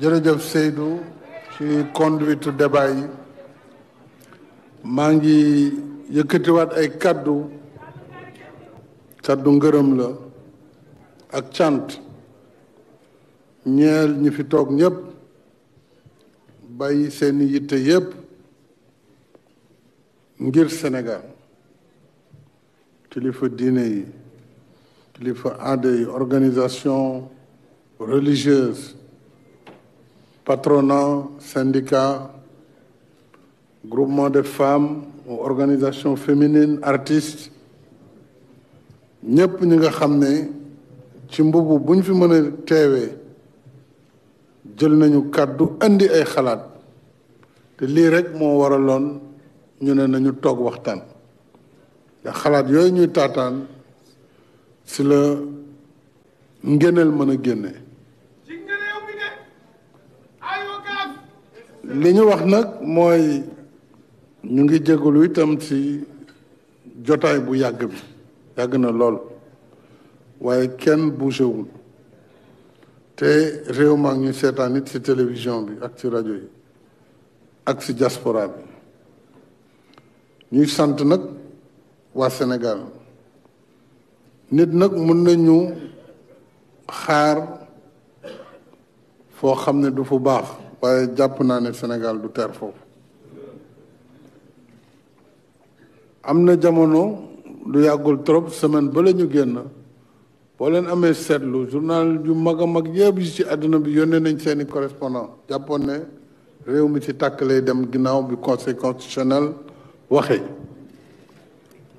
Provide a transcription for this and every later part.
jërëjëf Seydou ci conduite débat yi maa ngi yëkkatiwaat ay kàddu kàddu ngërëm la ak cant ñeel ñi fi toog ñépp bàyyi seeni yitte yépp ngir Sénégal kilifa diine yi kilifa aada yi organisation religieuse patronat, syndicats, groupements de femmes ou organisations féminines, artistes ñëpp ñi nga xam ne ci mbubu bu ñu fi mën a teewee jël nañu kàddu andi ay xalaat te lii rek moo waraloon ñu ne nañu toog waxtaan ndax xalaat yooyu ñuy taataan si la ngéneel mën a li ñu wax nag mooy ñu ngi jégalu itam ci jotaay bu yàgg bi yàgg na lool waaye kenn bougéwul te réew maa ñu seetaan ci télévision bi ak ci rajo yi ak ci diaspora bi ñuy sant nag waa Sénégal nit nag mën ñu xaar foo xam ne du fu baax waaye jàpp naa ne Sénégal du teer foofu am na jamono du yàggul trop semaine ba la ñu génn boo leen amee seetlu journal yu mag a mag yëpp yi ci àdduna bi yónnee nañ seeni correspondant jàppoon ne réew mi ci tàkk lay dem ginnaaw bi conseil constitutionnel waxee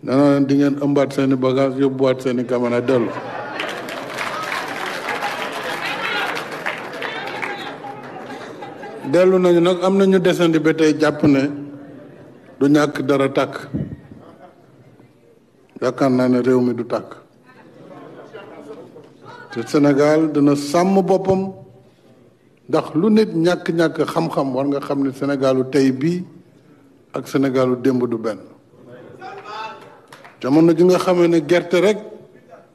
nee na di ngeen ëmbaat seeni bagage yóbbuwaat seeni kamana dellu delu nañu nak amna ñu desandi be tay japp ne du ñak dara tak yakkan na ne rew mi du tàkk te dina sam bopam ndax lu nit ñak ñak xam-xam war nga xam ne senegalu tay bi ak senegalu demb du ben jamono ji nga xamee ne gerte rek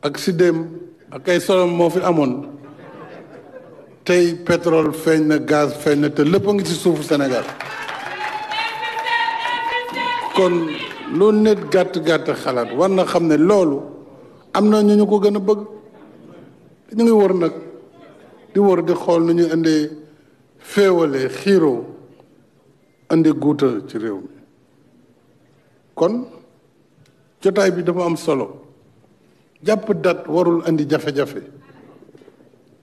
ak sidéem ak ay solom mo fi amone tey pétrole feeñ na gaz feeñ na te lépp a ngi ci suufu senegal kon lu nit gàtt-gàtt xalaat war na xam ne loolu am na ñu ñu ko gën a bëgg ñu ngi wër nag di wër di xool nu ñu indee féewale xiiro indi guuta ci réew mi kon jotaay bi dafa am solo jàpp dat warul indi jafe-jafe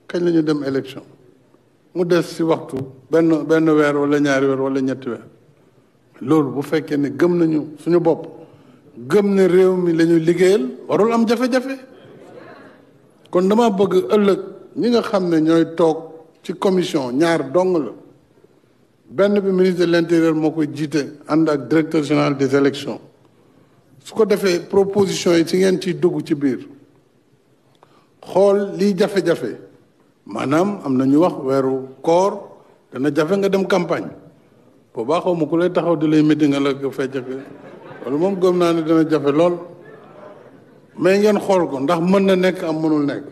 kañ lañu dem élection mu des si waxtu benn benn weer wala ñaari weer wala ñetti weer loolu bu fekkee ne gëm nañu suñu bopp gëm ne réew mi la ñu liggéeyal warul am jafe-jafe kon dama bëgg ëllëg ñi nga xam ne ñooy toog ci commission ñaar dong la benn bi ministre de l'intérieur moo koy jiite ànd ak directeur général des élections su ko defee proposition yi ci ngeen ci dugg ci biir xool liy jafe-jafe Manam, amna ñu wax weeru koor dana jafé nga dem campagne boobaa xaw ma ku lay taxaw di lay meeting nga la fecc loolu mom gëm naa ne dana jafé lool mais ngeen xol ko ndax mën na nekk am mënul nekk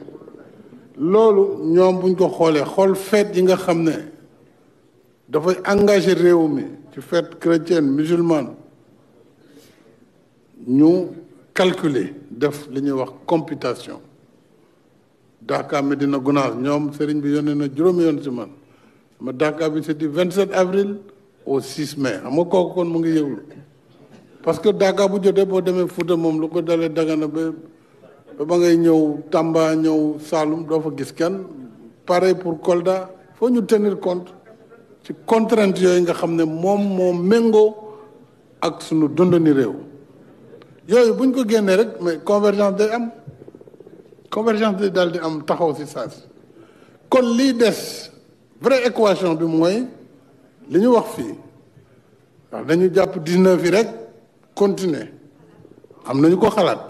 loolu ñoom buñ ko xoolee xol fête yi nga xam ne dafay engagé réew mi ci fête chrétienne musulmane ñu calculer def li ñuy wax computation Daaka Medina Gounass ñoom sëriñ bi yónnee na juróomi yoon si man ma Daaka bi c'est du 27 avril au 6 mai xam nga koo kon mu ngi yëglu parce que Daaka bu jotee boo demee Fouta moom lu ko dalee Dagana ba ba ngay ñëw Tamba ñëw Saloum doo fa gis kenn pareil pour Kolda foo ñu tenir compte ci contrainte yooyu nga xam ne moom moom méngoo ak sunu dund ni réew yooyu buñ ko génnee rek mais convergence day am. convergence di daal di am taxaw si saas kon lii des vraie équation bi mooy li ñu wax fii ndax dañu jàpp dix-neuf yi rek continuer am nañu ko xalaat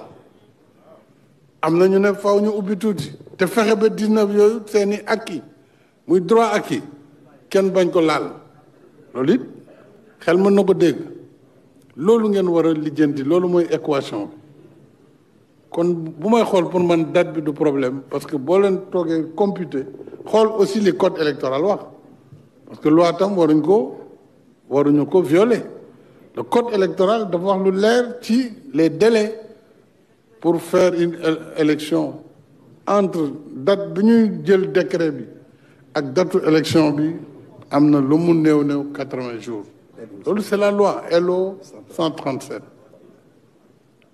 am nañu ne faw ñu ubbi tuuti te fexe ba dix-neuf yooyu seeni acquis muy droit acquis kenn bañ ko laal loolu it xel mën na ko dégg loolu ngeen war a lijjanti loolu mooy équation bi kon bu may xool pour man date bi du problème parce que boo leen toogee computer xool aussi li code électoral wax parce que loi tam waruñ ko waruñu ko violer le code électoral dafa wax lu leer ci les délais pour faire une élection entre date bi ñuy jël décret bi ak date élection bi am na lu mu néew néew 80 jours loolu c'est la loi LO 137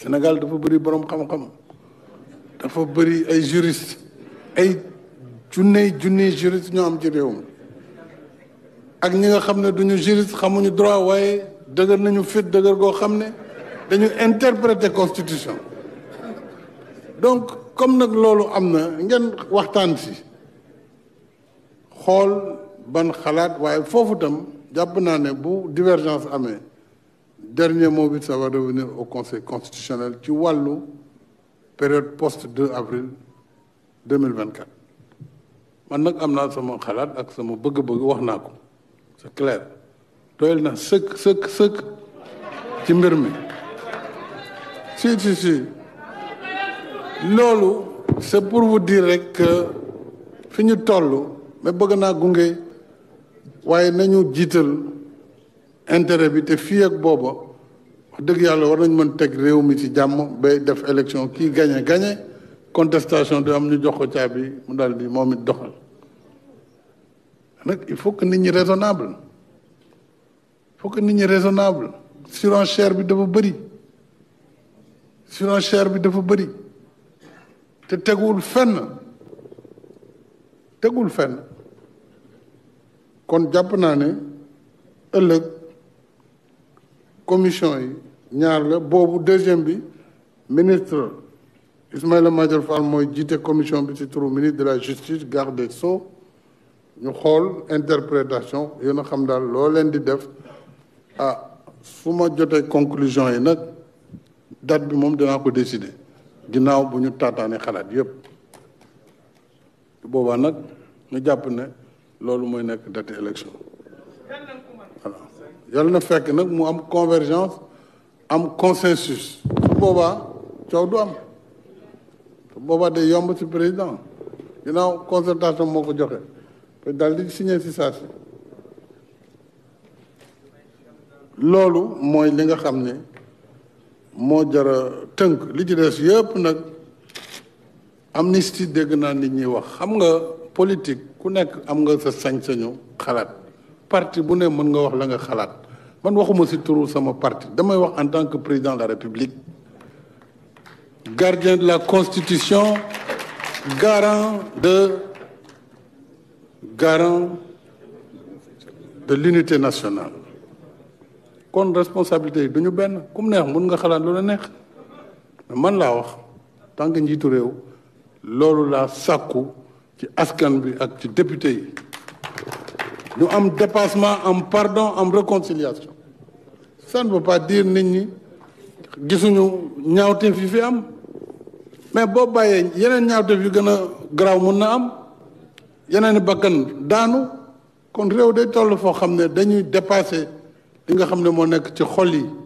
Sénégal dafa bëri borom xam-xam dafa bëri ay juriste ay junney junney juriste ñoo am ci réew mi ak ñi nga xam ne duñu juriste xamuñu droit waaye dëgër nañu fit dëgër goo xam ne dañu interpréter constitution donc comme nag loolu am na ngeen waxtaan si xool ban xalaat waaye foofu tam jàpp naa ne bu divergence amee dernier mot ça va revenir au conseil constitutionnel ci l'eau période post 2 avril 2024 Maintenant, je suis en sama de ak sama C'est vous c'est clair dire na sec sec vous ci mbir mi si si si c'est pour vous dire que fini ñu mais nañu intérêt bi te fii ak booba wax dëgg yàlla war nañ mën teg réew mi ci jàmm bay def élection kii gagné gagné contestation du am ñu jox ko caabi mu daal di moom it doxal nag il faut que nit ñi raisonnable il faut que nit ñi raisonnable surenchère bi dafa bëri surenchère bi dafa bëri te tegul fenn tegul fenn kon jàpp naa ne ëllëg commission yi ñaar la boobu deuxième bi ministre Ismaïla Madior Fall mooy jiite commission bi ci turu ministre de la justice garde des sceaux ñu xool interprétation yéen a xam daal loo leen di def ah su ma jotee conclusion yi nag date bi moom dinaa ko décider ginnaaw bu ñu taataane xalaat yépp boobaa nag ñu jàpp ne loolu mooy nekk date élection voilà il na fekk que mu am convergence am consensus su boobaa coow du am su boobaa day yomb président ginnaaw concertation moo ko joxe daal di signé si loolu li nga xam ne jara tënk li ci des yëpp nag amnistie dégg naa nit ñi wax xam nga politique ku nekk am nga sa sañ parti bu ne mën nga wax la nga xalaat man waxuma ci turu sama parti damay wax en tant que président de la république gardien de la constitution garant de garant de l'unité nationale kon responsabilité yi du ñu benn ku neex mun nga xalaat lu la neex man laa wax tant que njiitu réew loolu laa sàkku ci askan bi ak ci député nous am dépassement am pardon am réconciliation ça ne veut pas dire nit ñi gisuñu ñaawteef yu fi am mais boo bàyyee yeneen ñaawteef yu gën a garaaw mun na am yeneen i bakkan daanu kon réew day toll foo xam ne dañuy dépasser, li nga xam ne moo ci xol yi